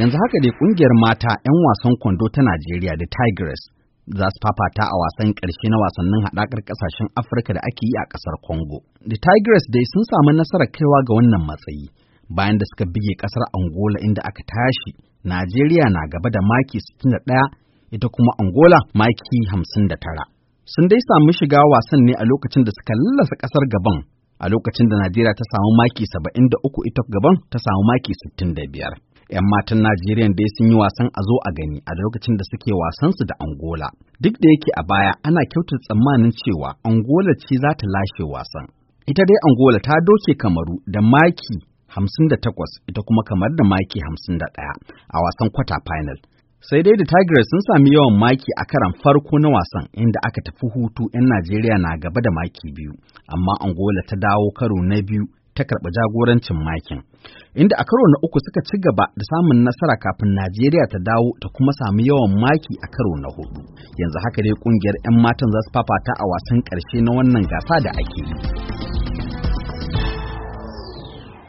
Yanzu haka dai kungiyar mata 'yan wasan kwando ta Najeriya da Tigress za su fafata a wasan ƙarshe na wasannin haɗakar ƙasashen Afirka da ake yi a ƙasar Congo. The Tigress dai sun samu nasarar kaiwa ga wannan matsayi bayan da suka bige ƙasar Angola inda aka tashi. Najeriya na gaba da maki 61 ita kuma Angola maki 59. Sun dai samu shiga wasan ne a lokacin da suka lallasa ƙasar gaban, a lokacin da Najeriya ta samu maki 73 ita gaban ta samu maki 65. 'Yan matan Najeriya dai sun yi wasan a zo a gani a lokacin da suke wasansu da Angola. Duk da yake a baya ana kyautar tsammanin cewa Angola ce za ta lashe wasan. Ita dai Angola ta doke kamaru da maki 58 ita kuma kamar da maki ɗaya a wasan kwata final. Sai dai da Tigers sun sami yawan maki a karan farko na wasan inda aka tafi hutu 'yan Najeriya na gaba da maki biyu, amma Angola ta dawo karo na biyu ta karɓi jagorancin makin, inda a karo na uku suka ci gaba da samun nasara kafin Najeriya ta dawo ta kuma sami yawan maki a karo na hudu. Yanzu haka dai ƙungiyar 'yan matan za su fafata a wasan ƙarshe na wannan gasa da ake yi.